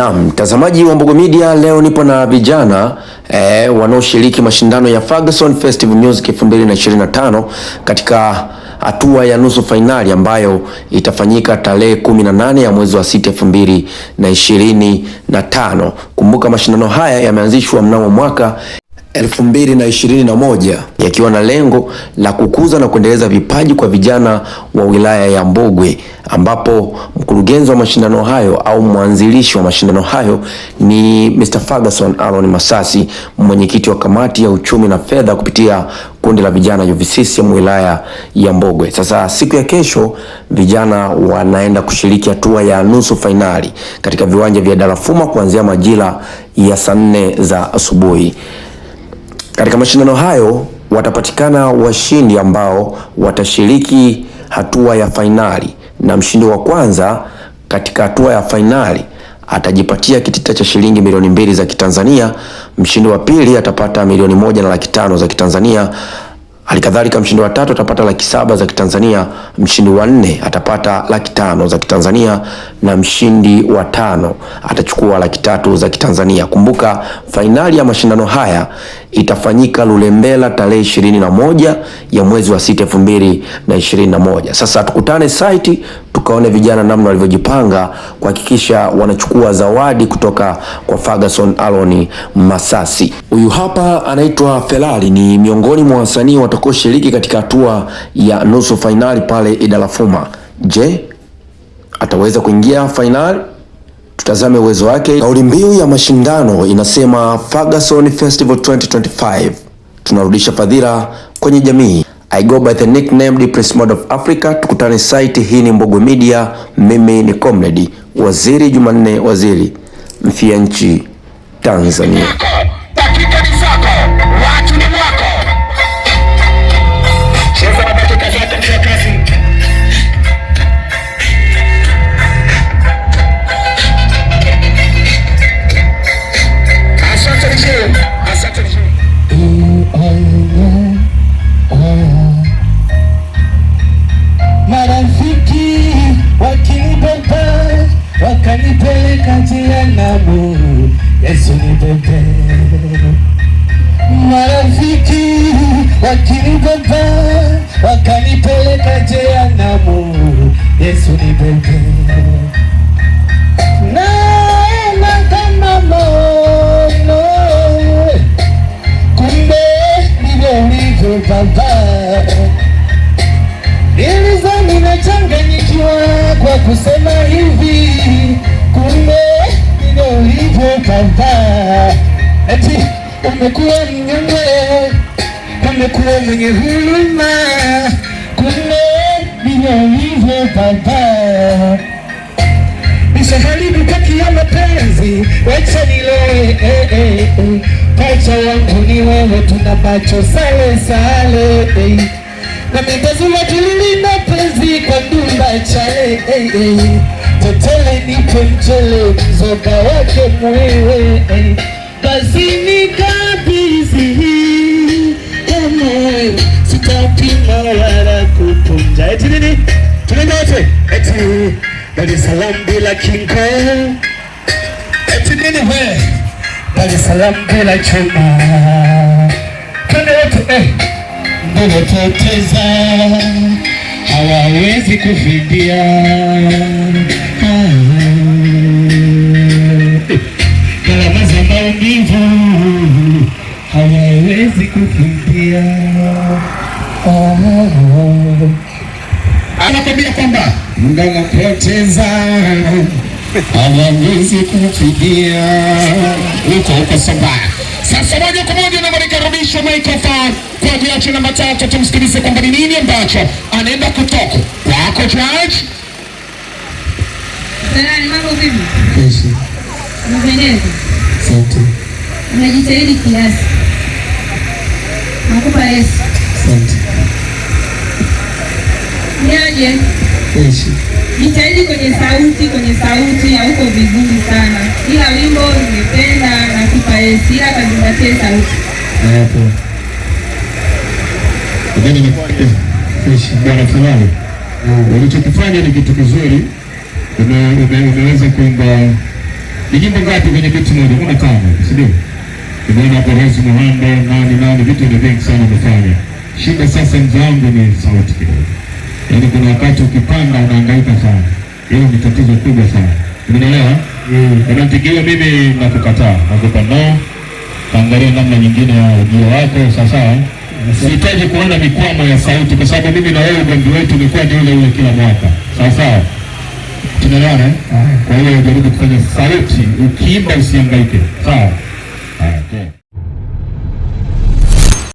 Naam, mtazamaji wa Mbogo Media, leo nipo na vijana eh, wanaoshiriki mashindano ya Ferguson Festival Music 2025 katika hatua ya nusu fainali ambayo itafanyika tarehe 18 ya mwezi wa 6 2025. Kumbuka mashindano haya yameanzishwa mnamo mwaka 2021 yakiwa na lengo la kukuza na kuendeleza vipaji kwa vijana wa wilaya ya Mbogwe, ambapo mkurugenzi wa mashindano hayo au mwanzilishi wa mashindano hayo ni Mr. Ferguson Aaron Masasi, mwenyekiti wa kamati ya uchumi na fedha kupitia kundi la vijana UVCCM wilaya ya Mbogwe. Sasa siku ya kesho vijana wanaenda kushiriki hatua ya nusu fainali katika viwanja vya Darafuma kuanzia majira ya saa nne za asubuhi. Katika mashindano hayo watapatikana washindi ambao watashiriki hatua ya fainali, na mshindi wa kwanza katika hatua ya fainali atajipatia kitita cha shilingi milioni mbili za Kitanzania. Mshindi wa pili atapata milioni moja na laki tano za Kitanzania. Halikadhalika, mshindi wa tatu atapata laki saba za Kitanzania, mshindi wa nne atapata laki tano za Kitanzania na mshindi wa tano atachukua laki tatu za Kitanzania. Kumbuka fainali ya mashindano haya itafanyika Lulembela tarehe ishirini na moja ya mwezi wa sita elfu mbili na ishirini na moja. Sasa tukutane site tukaone vijana namna walivyojipanga kuhakikisha wanachukua zawadi kutoka kwa Ferguson Aloni Masasi. Huyu hapa anaitwa Ferrari, ni miongoni mwa wasanii watakaoshiriki katika hatua ya nusu fainali pale idalafuma Je, ataweza kuingia fainali? Tutazame uwezo wake. Kauli mbiu ya mashindano inasema Ferguson Festival 2025, tunarudisha fadhila kwenye jamii. I go by the nickname Depressed Mode of Africa. Tukutane site hii. Ni Mbogo Media, mimi ni comrade Waziri Jumanne Waziri, mfia nchi Tanzania. katika namu Yesu ni pekee. Marafiki wakinibeba wakanipeleka jehanamu, Yesu ni pekee. Naenda kama kumbe ndivyo ulivyo Baba. Kumekuwa mnyonge, kumekuwa mwenye huruma, kumbe ndivyo ilivyo Baba. Nisaharibu kaki ya mapenzi, wacha niloe, eh, eh, eh. pacha wangu ni wewe, tuna macho sale sale, na mitazuma tulilinda penzi kwa ndumba chale, tetele nipe mchele, mzoga wake mwewe, basi nika moja. Eti nini? Tunaimba wote. Eti Dar es Salaam bila kinga. Eti nini we? Dar es Salaam bila chuma. Twende wote eh. Ndio tutoteza. Hawawezi kufidia. hawawezi kufidia. Oh, oh, oh anakwambia kwamba mnanapoteza hawawezi kufidia uko uko Saba. Sasa moja kwa moja namalikaribisha microphone kwa jaji namba tatu, tumsikilize kwamba ni nini ambacho anaenda kutoka wako jaji. Salani, mambo vipi? Yes. Unapendeza. Unajitahidi kiasi. Nakupa Yesu. Asante. Niaje? Jitahidi kwenye sauti, kwenye sauti hauko vizuri sana, ila wimbo nimependa na kupa Yesu, ila kazingatie sauti. Ulichokifanya ni kitu kizuri, umeweza kuimba. Ni nyimbo ngapi kwenye kitu moja? Kuna kama si ndio? Umeona hapo Rose Muhando, nani nani, vitu ni vingi sana umefanya. Shida sasa mzangu ni sauti kidogo yaani kuna wakati ukipanda unahangaika sana. Hilo ni tatizo kubwa sana, umeelewa? Unatikiwa mm. mimi nakukataa, nakupa no, kaangalia namna nyingine ya ujio wako, sasa eh? Sihitaji kuona mikwamo ya sauti, kwa sababu mimi na wewe ugomvi wetu umekuwa ni ule ule kila mwaka, sawasawa. Tunaelewana? Eh? Kwa hiyo jaribu kufanya sauti, ukiimba usihangaike, sawa